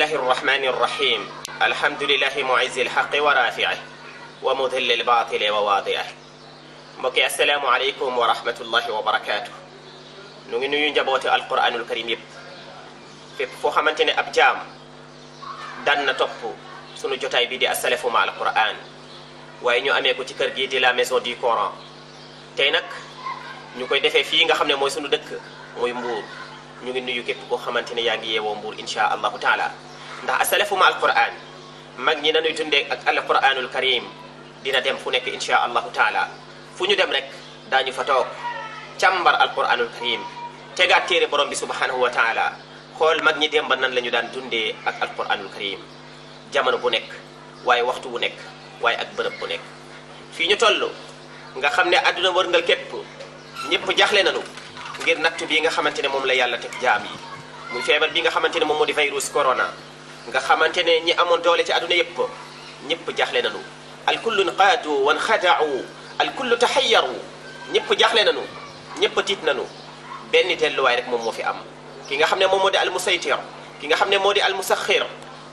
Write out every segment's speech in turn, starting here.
الله الرحمن الرحيم الحمد لله معز الحق ورافعه ومذل الباطل وواضعه mbokki asalaamu aleykum wa rahmatullahi wa barakaatu nu ngi nuyu njaboote alquranul karim yëpp fépp foo xamante ne ab jaam dan na topp sunu jotaay bi di asalafu ma alquran waaye ñu amee ko ci kër gii di la maison du coran tey nag ñu koy defee fii nga xam ne mooy sunu dëkk mooy mbuur ñu ngi nuyu képp koo xamante ne yaa ngi yeewoo mbuur insha allahu taala ndax asalafu ma alquran mag ñi nañu tunde ak alquranul karim dina dem fu nek insha allah taala fu ñu dem rek dañu fa tok chambar alquranul karim tegaat tere borom bi subhanahu wa taala xol mag ñi ba nan lañu daan tunde ak alquranul karim jamono bu nek waye waxtu bu nek waye ak bërëb bu nek fi ñu tollu nga xamne aduna wër ngal kep ñëpp jaxle nanu ngir nattu bi nga xamantene mom la yàlla tek jaam yi muy bi nga xamantene mom modi virus corona nga xamantene ñi amon doole ci aduna yëpp ñëpp jaxle nañu alkullu nqaadu wan al kullu tahayyaru ñëpp jaxle nañu ñëpp tit nañu benn way rek mom mo fi am ki nga xamne mom modi al musaytir ki nga xamne modi al musakhir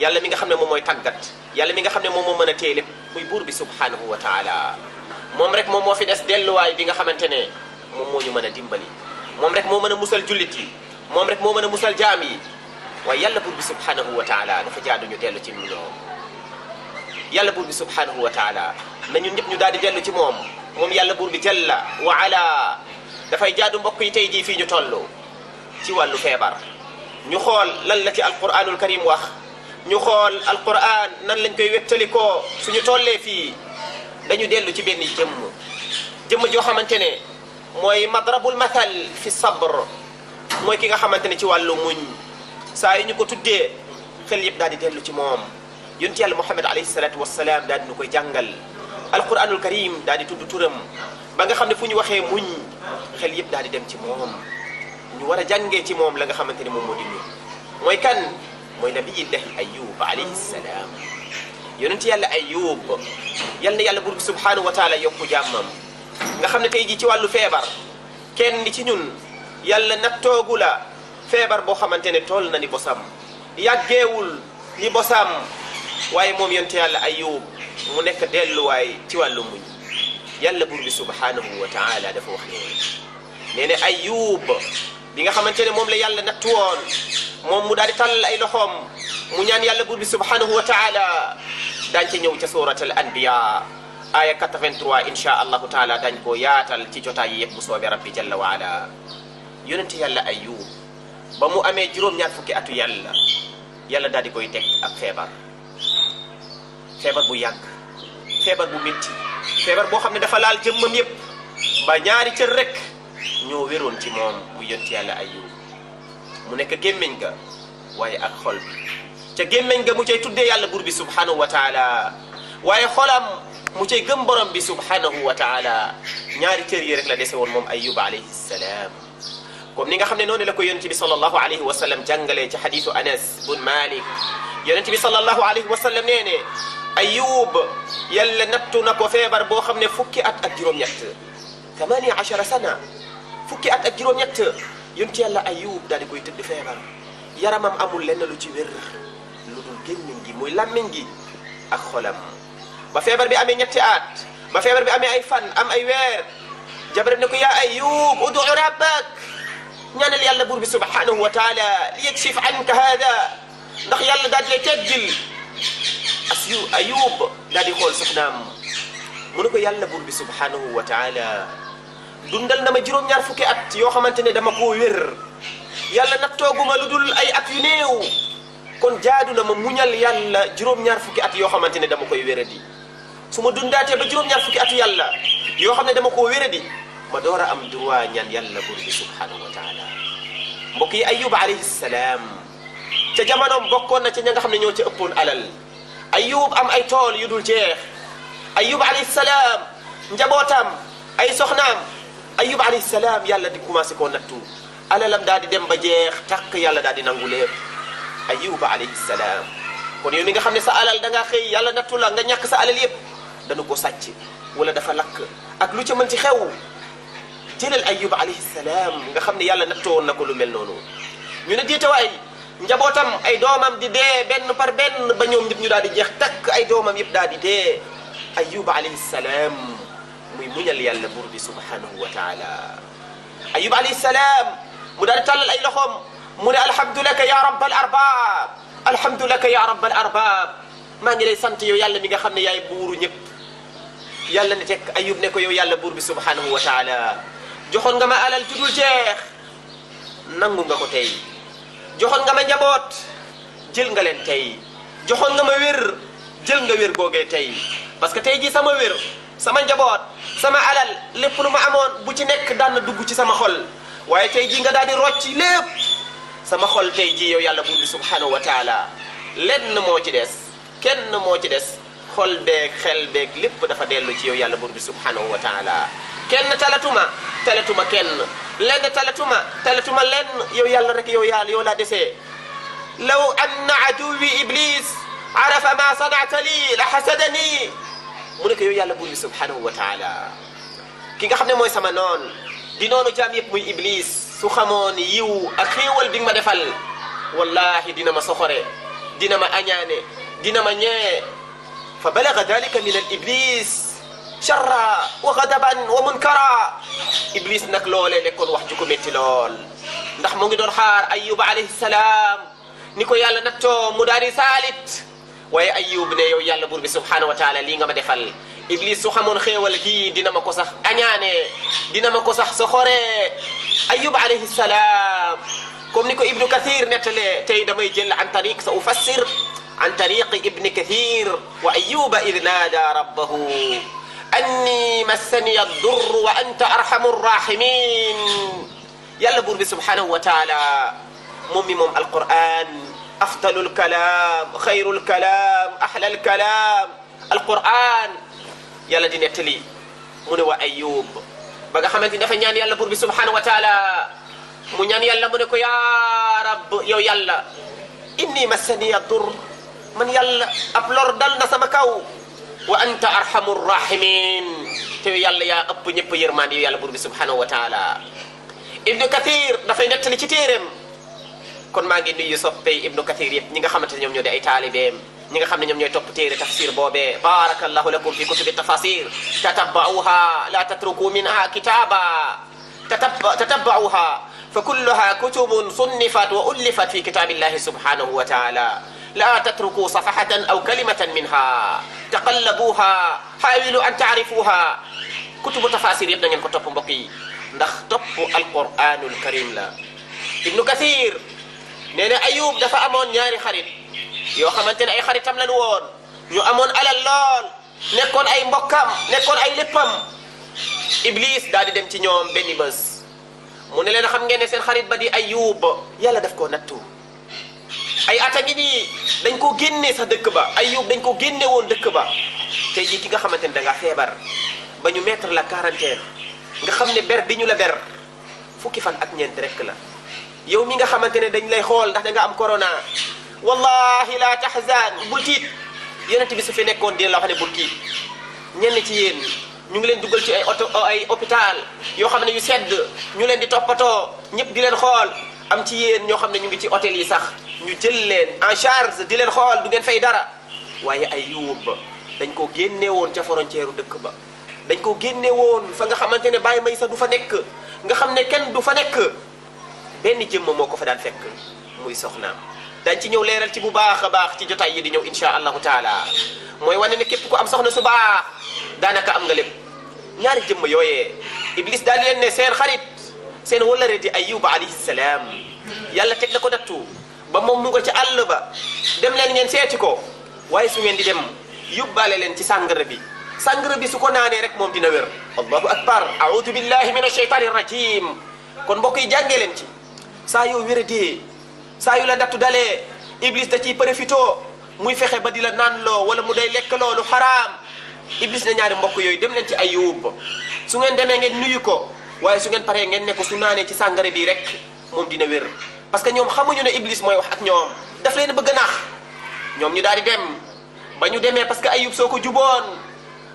yàlla mi nga xamne mom moy tagat yàlla mi nga xamne mom mo meuna teyel muy bur bi subhanahu wa taala mom rek mom mo fi delu way bi nga xamantene mom mo ñu meuna dimbali mom rek mo meuna musal julit yi mom rek mo meuna musal jami waaye yàlla buur bi subhanahu wa taala dafa jaadu ñu dellu ci ñoom yàlla buur bi subhanahu wa taala na ñun ñëpp ñu daal di dellu ci moom moom yàlla buur bi jalla wa ala dafay jaadu mbokk yi tey jii fii ñu toll ci wàllu feebar ñu xool lan la ci alquranul karim wax ñu xool alquran nan lañ koy wettalikoo suñu tollee fii dañu dellu ci benn jëmm jëmm joo xamante ne mooy madrabul mathal fi sabr mooy ki nga xamante ne ci wàllu muñ saa yu ñu ko tuddee xel yëpp daal di dellu ci moom yonent yàlla Muhammad alayhi salaatu wasalaam daal di ñu koy jàngal alquranul karim daal di tudd turam ba nga xam ne fu ñu waxee muñ xel yëpp daal di dem ci moom ñu war a jàngee ci moom la nga xamante ne moom moo di ñu mooy kan mooy nabiyillahi ayub alayhi salaam yonent yàlla ayub yal na yàlla buur bi subhanahu wa taala yokku jàmmam nga xam ne tey jii ci wàllu feebar kenn ci ñun yàlla nattoogu la febar bo xamantene tol na ni bosam yàggeewul ni bosam waye mom yonte yàlla ayub mu delu way ci walu muñ yàlla buur bi subhanahu wa taala dafa wax ni nene ayub bi nga xamantene mom la yàlla nattu won mom mu daal tal ay loxom mu ñaan yàlla buur bi subhanahu wa taala dañ ci ñëw ci suratul anbiya aya 83 insha allah taala dañ ko yaatal ci jotay yeb bu soobee rabbi jalla wa ala yàlla ayub ba mu amee juróom-ñaar fukki atu yàlla yàlla daal di koy teg ab feebar feebar bu yàgg feebar bu métti feebar boo xam ne dafa laal jëmmam yépp ba ñaari cër rek ñoo wéroon ci moom bu ci yàlla Ayyub mu nekk gémmiñ ga waaye ak xol bi ca gémmiñ ga mu cay tuddee yàlla buur bi subhanahu wa taala waaye xolam mu cay gëm borom bi subhanahu wa taala ñaari cër yi rek la dese woon moom Ayyub alayhi salaam kom ni nga xamne non la ko yonent bi sallallahu alayhi wa sallam jangale ci xadisu anas bun malik yonent bi sallallahu alayhi wa sallam nee ne ayub yàlla nattu nako febar bo xamne fukki at ak juróom-ñett 18 sana fukki at ak juróom-ñett yonent yàlla ayub dal di koy tëdd febar yaramam amul len lu ci wér lu dul genn ngi moy làmmiñ gi ak xolam ba febar bi amé ñetti at ba febar bi amé ay fan am ay weer jabar ne ko ya ayub udu rabbak ñaanal yàlla buur bi subhanahu wa taala li yakshif anka hada ndax yàlla daal di lay teggil as yu ayub daal di xool soxnaam ko yàlla buur bi subhanahu wa taala dundal na ma juróom-ñaar fukki at yoo xamante ne dama koo wér yàlla nattooguma lu dul ay at yu néew kon jaadu na ma muñal yàlla juróom-ñaar fukki at yoo xamante ne dama koy di su ma dundaatee ba juróom-ñaar fukki atu yàlla yoo xam ne dama koo di ma door a am droit ñaan yàlla buur bi subhanahu wa taala mbokk yi ayub alayhi salaam ca jamonoom bokkoon na ca ña nga xam ne ñoo ca ëppoon alal ayub am ay tool yu dul jeex ayub alayhi salaam njabootam ay soxnaam ayub alayhi salaam yàlla di commencé koo nattu alalam daal di dem ba jeex takk yàlla daal di nangu lépp ayub alayhi salaam kon yow mi nga xam ne sa alal da ngaa xëy yàlla nattu la nga ñàkk sa alal yëpp danu ko sàcc wala dafa lakk ak lu ca mën ci xew seedal ayub alayhi salam nga xam ne yàlla nattoo woon na ko lu mel noonu ñu ne déetawaay njabootam ay doomam di dee benn par benn ba ñoom ñëpp ñu daal di jeex takk ay doomam yëpp daal di dee ayub alayhi salam muy muñal yàlla buur bi subhanahu wa taala ayub alayhi salam mu daal di tàllal ay loxoom mu ne alhamdulaka ya rabbal arbab alhamdulaka ya rabbal arbab maa ngi lay sant yow yàlla mi nga xam ne yaay buuru ñëpp yàlla ne tekk ayub ne ko yow yàlla buur bi subhanahu wa taala joxoon nga ma alal judul jeex nangu nga ko tey joxoon nga ma njaboot jël nga leen tey joxoon nga ma wér jël nga wér googee tey parce que tey jii sama wér sama njaboot sama alal lépp lu ma amoon bu ci nekk daan na dugg ci sama xol waaye tey jii nga daal di rocc lépp sama xol tey ji yow yàlla buur bi subhanahu wa taala lenn moo ci des kenn moo ci des xol beeg xel beeg lépp dafa dellu ci yow yàlla buur bi subhanahu wa كن تلاتوما تلاتوما كن لن تلاتوما تلاتوما لن يو يال رك يو يال يو لا دسي لو أن عدوي إبليس عرف ما صنعت لي لحسدني مونك يو يال بولي سبحانه وتعالى كي خا خني موي سما نون دي نونو جام ييب إبليس سو يو اخيوال ديما ديفال والله دينا ما سخري دينا ما أنياني دينا ما ني فبلغ ذلك من الإبليس شرا وغضبا ومنكرا iblis nag loolee nekkoon wax ju ko métti lool ndax mu ngi doon xaar ayuba alayhi salaam ni ko yàlla nattoo mu daal di saalit waaye ayub ne yow yàlla buur bi subhanahu wa taala lii nga ma defal iblis su xamoon xéewal gii dina ma ko sax añaane dina ma ko sax soxoree ayub alayhi salaam comme ni ko ibnu kathir nettalee tey damay jël an tariq sa ufassir an tariqi ibni kathir wa ayuba id naada rabbahu أني مسني الضر وأنت أرحم الراحمين يلا بورب سبحانه وتعالى ممي القرآن أفضل الكلام خير الكلام أحلى الكلام القرآن يلا دين يتلي من وأيوب بقى حمد دين فنيان يعني يلا بورب سبحانه وتعالى منيان يلا يعني منك يا رب يو يلا إني مسني الضر من يلا أبلور دلنا سمكو wa anta arhamur rahimin te yàlla yaa ëpp ñëpp yërmande yow yàlla buur bi subhanahu wa taala ibnu kathir dafay nettali ci téeréem kon maa ngi nuyu soppey ibnu kathir yëpp ñi nga xamante ne ñoom ñoo di ay taalibeem ñi nga xam ne ñoom ñooy topp téere tafsir boobee barakallahu lakum fi kutubi tafasir tatabba'uha la tatruku minha kitaba tatabba'uha fa kulluha kutubun sunnifat wa ullifat fi kitabillahi subhanahu wa taala لا تتركوا صفحة أو كلمة منها تقلبوها حاولوا أن تعرفوها كتب تفاسير ابن ين كتب بقي نختب القرآن الكريم لا ابن كثير نين أيوب دفع أمون ياري خريط يو خمانتين أي خريط أم لنوان يو أمون على اللون نكون أي مبكم نكون أي لبام إبليس دادي دمتي نيوم بني بس من لنا خمجين سين خريط بدي أيوب يالا دفكو نتو ay at a ngi nii dañ koo génnee sa dëkk ba ay yóbbu dañ ko génne woon dëkk ba tey jii ki nga xamante ne da ngaa feebar ba ñu mettre la quarantaine nga xam ne ber bi ñu la ber fukki fan ak ñeent rek la yow mi nga xamante ne dañ lay xool ndax da nga am corona wallahi la tahzan bul tiit yonent bi su fi nekkoon dina la wax ne bul tiit ñenn ci yéen ñu ngi leen dugal ci ay oto ay hôpital yoo xam ne yu sedd ñu leen di toppatoo ñëpp di leen xool am ci yéen ñoo xam ne ñu ngi ci hôtel yi sax ñu jël leen en charge di leen xool du ngeen fay dara waaye ay yuub dañ koo génne woon ca frontière dëkk ba dañ koo génne woon fa nga xamante ne Baye Maysa du fa nekk nga xam ne kenn du fa nekk benn jëmm moo ko fa daan fekk muy soxnaam dañ ci ñëw leeral ci bu baax a baax ci jotaay yi di ñëw insha allahu taala mooy wane ne képp ko am soxna su baax daanaka am nga lépp ñaar jëmm yooye Iblis daal leen ne seen xarit seen walare di Ayyub alayhi salaam yàlla teg na ko nattu ba moom mu nga ci àll ba dem leen ngeen seeti ko waaye su ngeen di dem yóbbaale leen ci sàngara bi sàngara bi su ko naanee rek moom dina wér allahu akbar audu billahi min asheytani rajim kon mbokk yi jàngee leen ci saa yoo wéradee saa yu la dattu dale iblis da ciy profitoo muy fexe ba di la naan loo wala mu day lekk loo lu xaraam iblis na ñaari mbokk yooyu dem leen ci ayub su ngeen demee ngeen nuyu ko waaye su ngeen paree ngeen ne ko su naanee ci sàngara bi rek moom dina parce que ñoom xamuñu ne Iblis mooy wax ak ñoom daf leen bëgg naax ñoom ñu daal di dem ba ñu demee parce que ayub soo ko juboon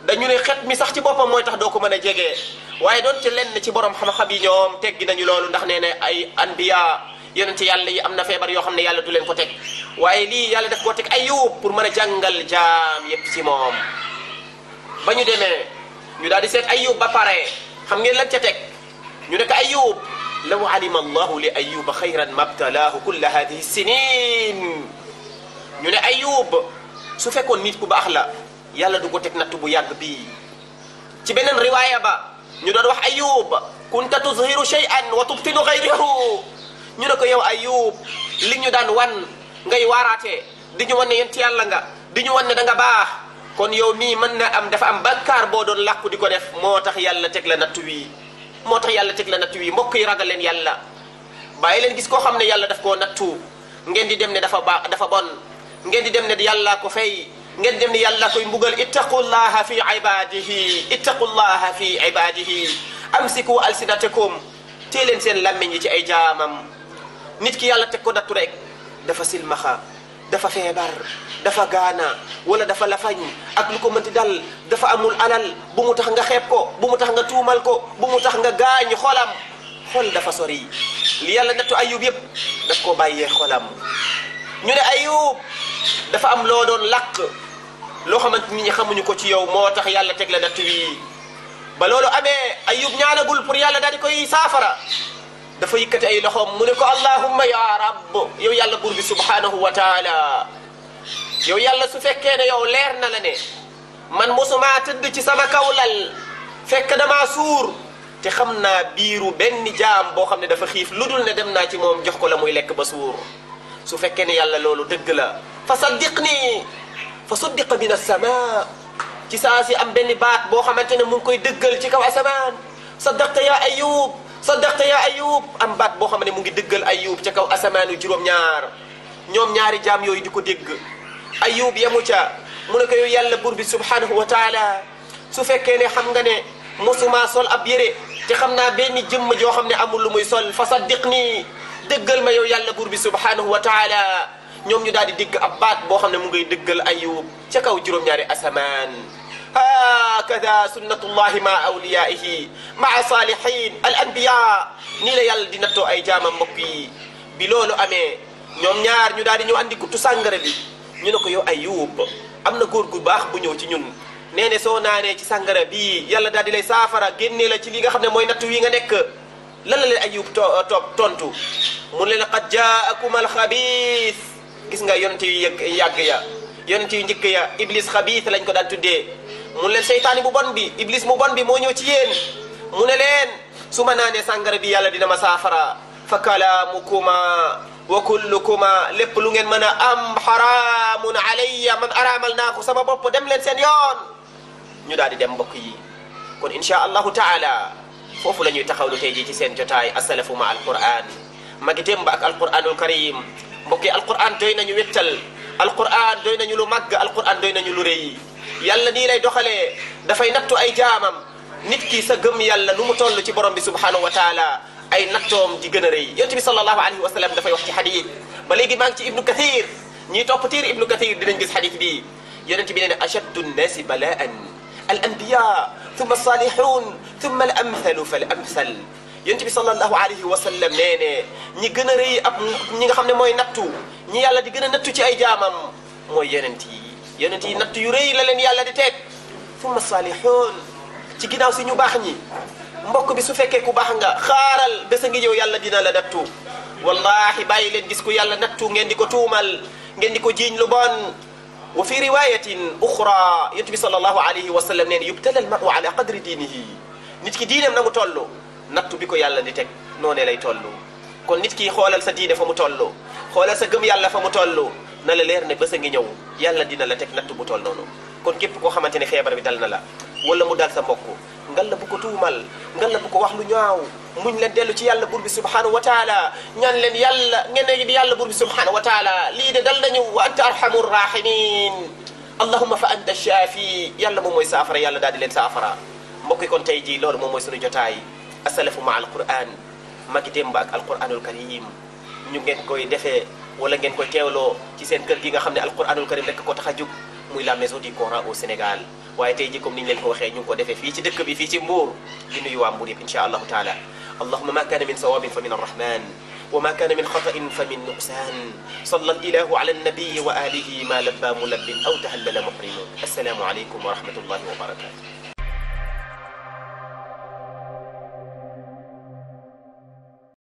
dañu ne xet mi sax ci boppam mooy tax doo ko mën a jege waaye doon ci lenn ci borom xam-xam yi ñoom teggi nañu loolu ndax nee na ay anbiya yonent yàlla yi am na feebar yoo xam ne yàlla du leen ko teg waaye lii yàlla daf koo teg ayub pour mën a jàngal jaam yépp ci moom ba ñu demee ñu daal di seet ayub ba pare xam ngeen lan ca teg ñu nekk ayub لو علم الله لأيوب خيرا ما ابتلاه كل هذه السنين نيو أيوب سو فيكون نيت كو با اخلا يالا دوكو تك نتبو ياغ بي تي بنن روايه با نيو دون واخ ايوب كنت تظهر شيئا وتبطن غيره نيو نكو يو ايوب لي نيو دان وان غاي واراتي دي نيو وني ينت يالا غا دي نيو وني داغا باخ كون يو مي من نا ام دافا ام بكار بو دون لاكو ديكو ديف موتاخ يالا تك لا نتوي moo tax yàlla teg la nattu yi mbokk yi ragal leen yàlla bàyyi leen gis koo xam ne yàlla daf koo nattu ngeen di dem ne dafa baa dafa bon ngeen di dem ne yàlla ko fay ngeen di dem ne yàlla koy mbugal ittaqullaha fi ibadihi ittaqullaha fi ibadihi amsiku alsinatakum tée leen seen làmmiñ yi ci ay jaamam nit ki yàlla teg ko nattu rek dafa silmaxa dafa feebar dafa gaana wala dafa lafañ ak lu ko mënti dal dafa amul alal bu mu tax nga xeeb ko bu mu tax nga tuumal ko bu mu tax nga gaañ xolam xol dafa sori li yàlla nattu ayub yëpp daf koo bàyyee xolam ñu ne ayub dafa am loo doon làq loo xamante ni ñi xamuñu ko ci yow moo tax yàlla teg la natt wi ba loolu amee ayub ñaanagul pour yàlla daal di koy saafara dafa yëkkati ay loxoom mu ne ko allahumma ya rabb yow yàlla buur bi subhanahu wa taala yow yàlla su fekkee ne yow leer na la ne man mosuma tëdd ci sama kawlal fekk damaa suur te xam naa biiru benn jaam boo xam ne dafa xiif lu dul ne dem naa ci moom jox ko la muy lekk ba suur su fekkee ne yàlla loolu dëgg la fa saddiq nii fa saddiqa min assamaa ci saa si am benn baat boo xamante ne mu ngi koy dëggal ci kaw asamaan saddaqta ya ayub saddaqta yaa ayub am baat boo xam ne mu ngi dëggal ayub ca kaw asamaanu juróom-ñaar ñoom ñaari jaam yooyu di ko dégg ayub yamu ca mu ne ko yow yàlla buur bi subhanahu wa taala su fekkee ne xam nga ne mosuma sol ab yére te xam naa benn jëmm joo xam ne amul lu muy sol fa saddiq nii dëggal ma yow yàlla buur bi subhanahu wa taala ñoom ñu daal di dégg ab baat boo xam ne mu ngay dëggal ayub ca kaw juróom-ñaari asamaan hakada sunnatullahi ma awliyaihi maa salihin al anbiya nii la yàlla di nattoo ay jaamam mbokk yi bi loolu amee ñoom ñaar ñu daal di ñëw andi sàngara bi ñu ne ko yow Ayuub am na góor gu baax bu ñëw ci ñun nee ne soo naanee ci sàngara bii yàlla daal di lay saafara génnee la ci li nga xam ne mooy natt wi nga nekk lan la leen Ayuub toog euh, tontu mu ne la qad jaakum al gis nga yonent yu yàgg ya yonent yu njëkk ya Iblis xabiis lañ ko daan tuddee mun leen seytaani bu bon bi iblis mu bon bi moo ñëw ci yéen mu ne leen su ma naanee sàngara bi yàlla dina ma saafara fa kalaamukuma wa kullukuma lépp lu ngeen mën a am xaraamun alayya man araamal naa ko sama bopp dem leen seen yoon ñu daal di dem mbokk yi kon insha allahu taala foofu la ñuy taxawlu tey jii ci seen jotaay asalafu ma alquran magi démb ak alquranul karim mbokk yi alquran doy nañu wéttal alquran doy nañu lu màgg alquran doy nañu lu re yàlla ni lay doxale da fay nattu ay jaamam nit ki sa gëm yàlla numu tollu ci borom bi subhanahu wa taala ay nattoom di gën reey yalla yonent bi sallallahu alayhi wa sallam da fay wax ci hadith ba legi mang ci ibnu kathir ñi top tir ibnu kathir dinañ gis hadith bi yonent bi nee ne ashaddu nnaasi balaan al anbiya thumma salihun thumma al amthalu fal amthal yonent bi sallallahu alayhi wa sallam nee ñi gën reey rëy ab ñi nga xamne moy mooy nattu ñi yàlla di gën a nattu ci ay jaamam moy yenenti yonent yi natt yu rëy la leen yàlla di teg summa saalihoon ci ginnaaw si ñu baax ñi mbokk bi su fekkee ku baax nga xaaral bés a ngi ñëw yàlla dina la nattu wallahi bàyyi leen gis ku yàlla nattu ngeen di ko tuumal ngeen di ko jiiñ lu bon wa fi riwayatin uxra yonent bi sallallahu alayhi wa sallam nee na yubtala almaru ala qadri diinihi nit ki diineem na mu toll nattu bi ko yàlla di teg noonee lay toll kon nit ki xoolal sa diine fa mu toll xoolal sa gëm yàlla fa mu toll na la leer ne bés a ngi ñëw yàlla dina la teg natt bu toll noonu kon képp koo xamante ne feebar bi dal na la wala mu dal sa mbokk ngal la bu ko tuumal ngal la bu ko wax lu ñaaw muñ leen dellu ci yàlla buur bi subhanahu wa taala ñaan leen yàlla ngeen di yàlla buur bi subhanahu wa taala lii de dal nañu wa anta arhamu rahimin allahumma fa anta shaafi yàlla moom mooy saafara yàlla daal di leen saafara mbokk yi kon tey jii loolu moom mooy suñu jotaay asalafu ma alquran magi démb ak alquranul karim ñu ngeen koy defee wala ngeen ko teewloo ci seen kër gi nga xam ne alquranul karim rek ko tax a jóg muy la maison du Coran au Sénégal waaye tey ji comme ni ñu leen ko waxee ñu ngi ko defee fii ci dëkk bi fii ci Mbour di nuyu waa Mbour yëpp insha allahu taala allahuma ma kaana min sawabin fa min arrahman wa ma kaana min xatain fa min nuqsaan salla ilahu ala annabiyi wa alihi ma labba mulabbin aw tahallala muhrimun assalaamu aleykum